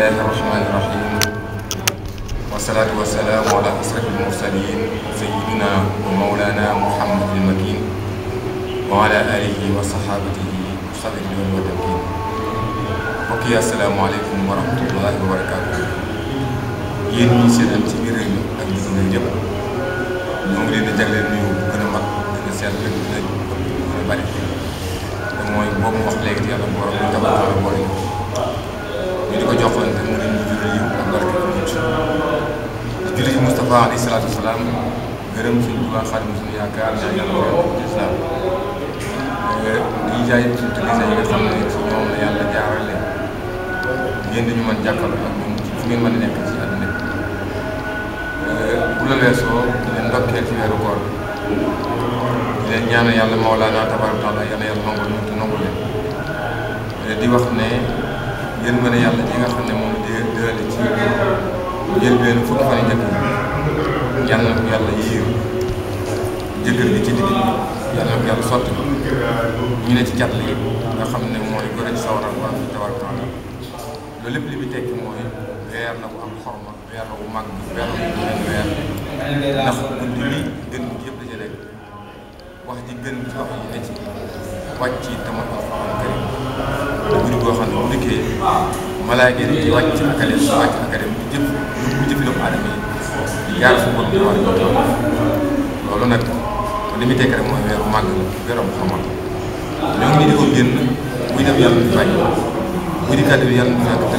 bismillahi rahmani rahim wasalaatu wasalaamu ala asrafil mursalin sayidina wa maulana muhammadil makin wa ala alihi wa sahabatihi xabir yoon wa tamkin mbokk yi asalaamaaleykum wa rahmatullahi wa barakaatu yéen ñi seetaan ci biir réew mi ak gis nga yëpp ñoo ngi leen di jagleel nuyu bu gën a mag gën a seet rek dina gën a bari te mooy boobu wax léegi yàlla borom ñu tabax Moustapha alayhi salaatu wa salaam gërëm suñu Tuubaa Xaadimu yaakaar ñaan yàlla ko ci islam di nga xam ne ci ñoom la yàlla jaarale ngeen di ñu mën jàkkaarloo ak ñun ci ngeen mën a nekk ci àdduna bu la weesoo di leen ndokkeel ci weeru leen di wax ne yéen mën a yàlla ji nga xam ne moom di dëgale ci njëlbéenu fukki fan yi njëkk yàlla na ko yàlla yiir jëkkër bi ci digg yàlla ko yàlla sotti ñu ne ci cat lii nga xam ne mooy gone ci sawar ak waa fi tawar loolu lépp li muy tekki mooy weer na bu am xorma weer la bu mag weer la bu guddi li gën gi yëpp dañu nekk wax ji aadama yi jaar loolu nag li muy tekk rek mooy weeru ngi nii di ko génn muy dem yàlla di te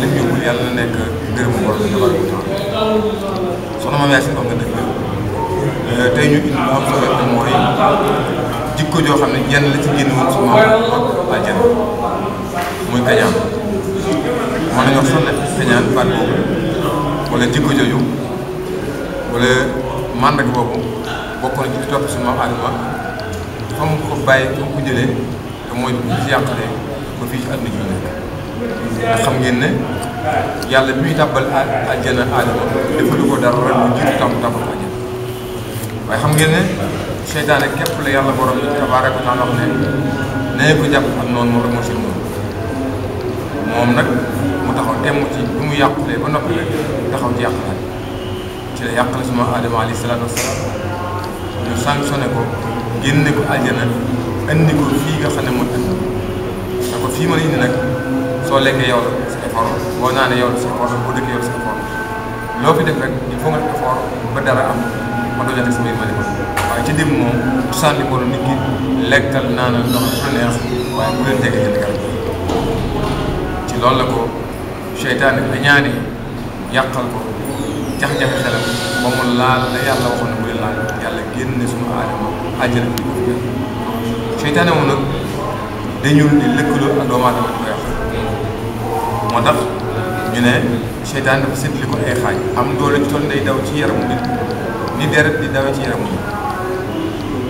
lim yóbbul yàlla na nekk ngërëmu borom nga war a jotee soxna Mame Yacine Ngom nga def lépp tey ñu mooy jikko joo xam ne yenn la ci génn woon su ma am ak muy kañaan mën nañu wax sax ne kañaan baat boobu wala jikko jooju. mandag boobu bokk na ci topp suñu Adama fa ko bàyyi fa mu ko jëlee te mooy ci yàqale ba fii ci àdduna ji nekk nga xam ngeen ne yàlla bi muy tàbbal àjjana Adama defalu ko dara lu jiitu tàmm tàbbal àjjana waaye xam ngeen ne seytaane képp la yàlla borom bi tabaaraka wa taala ne nee ko jàpp ak noonu moom rek nag mu taxaw temm ci bi mu yàqulee ba noppi rek taxaw ci yàqalaat ci la yàq la suma Adama alayhi ñu sanctionné ko génne ko aljana indi ko fii nga xam ne mooy indi da ko fii ma la indi nag soo lekkee yow la sa effort boo naanee yow la sa effort boo dëkkee yow la loo fi def rek il ba dara am ma doon ko waaye ci démb moom sànni ko nit ki lekkal naanal ndox lu neex waaye bu leen tege ci loolu la ko seytaane bi ñaani yàqal ko. jax-jaxe xelam ba laal la yàlla waxoon ne muy laal yàlla génne suñu aadama àjjana bi ko fi seytaane moom nag dañul di lëkkaloo ak doomu aadama koy wax moo tax ñu ne seytaane dafa séddale ko ay xaaj am doole ju toll day daw ci yaramu nit ni deret ci yaramu nit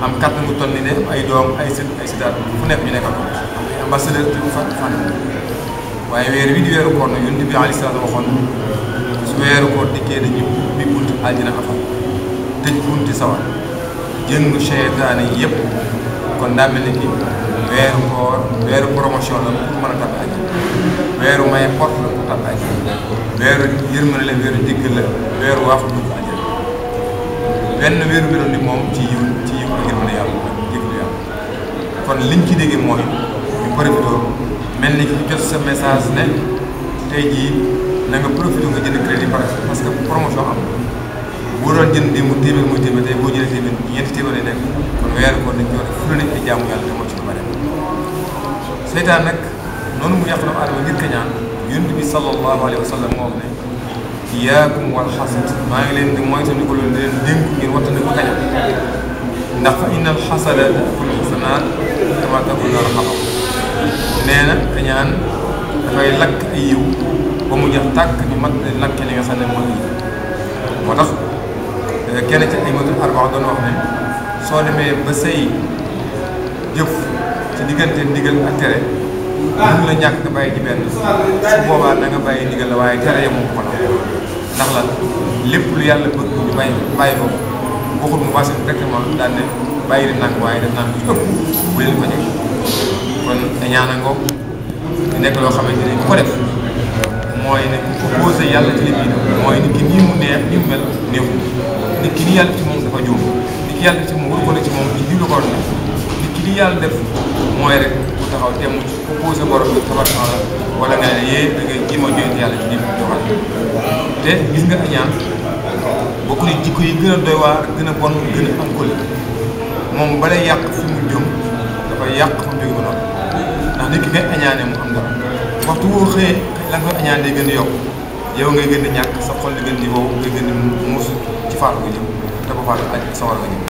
am kàttan gu toll ni ne ay doom ay sët ay sëtaat fu nekk ñu nekkal ko ay ambassadeur te du fàtte waaye weer wi di weeru koor na yonent bi aleyhi salaatu waxoon su weeru koor dikkee dañuy ubbi bunti àjjana afal tëj bunti sawar jëngu seytaane yëpp kon daa mel ni weeru koor weeru promotion la pour mën a tabb àjjana weeru may porte la pour tabb àjjana weeru weeru digg benn bi doon di moom ci yiw ci yiw ak yërmande yàlla jëkkël yàlla kon liñ ci déggee mooy ñu bëri bi doon mel ni ki jot sa message ne tey jii na nga profité nga jënd crédit par parce que promotion am boo jënd démb téeméer mooy téeméer tey boo jëlee téeméer ñetti téeméer lay kon weeru koor a fula nekk di jaamu yàlla te moo wa sallam moo ne ndax fa innal xasada yaqul xasanaat na kañaan dafay lakk ay yiw ba mu jël tàkk ñu mat lakke li nga xam ne mooy moo tax euh, kenn ci soo demee ba sëy jëf ci diggante ndigal ak tere mun la ñàkk nga bàyyi ci benn su boobaa da nga bàyyi ndigal la waaye tere ya ko na ndax la lépp lu yàlla bëgg ñu bàyyi bàyyi ko waxul mu passé directement daal ne bàyyi leen nag waaye def naa ko bu leen ko jëg kon ñaana ngoog nekk loo xamante ne bu ko def mooy ne ku posé yàlla ci li muy def mooy nit ki nii mu neex nii mu mel néewu nit ki nii yàlla ci moom dafa juum nit ki yàlla ci moom war ko ne ko ne nit ki li yàlla def nga ne yee da nga a joxe yàlla ci li mu doxal te gis nga añaan bokk na jikko yi gën a doy waar gën a bon gën a am kole moom balay yàq fi mu jëm dafay yàq fa mu jóge ba ndax nit ki ngay añaanee mu am dara waxtu woo xëyee la nga añaan day gën di yokk yow ngay gën di ñàkk sa xol di gën di wow ngay gën di muusu ci faatu ko jëm te ba faatu aj sawar nga jëm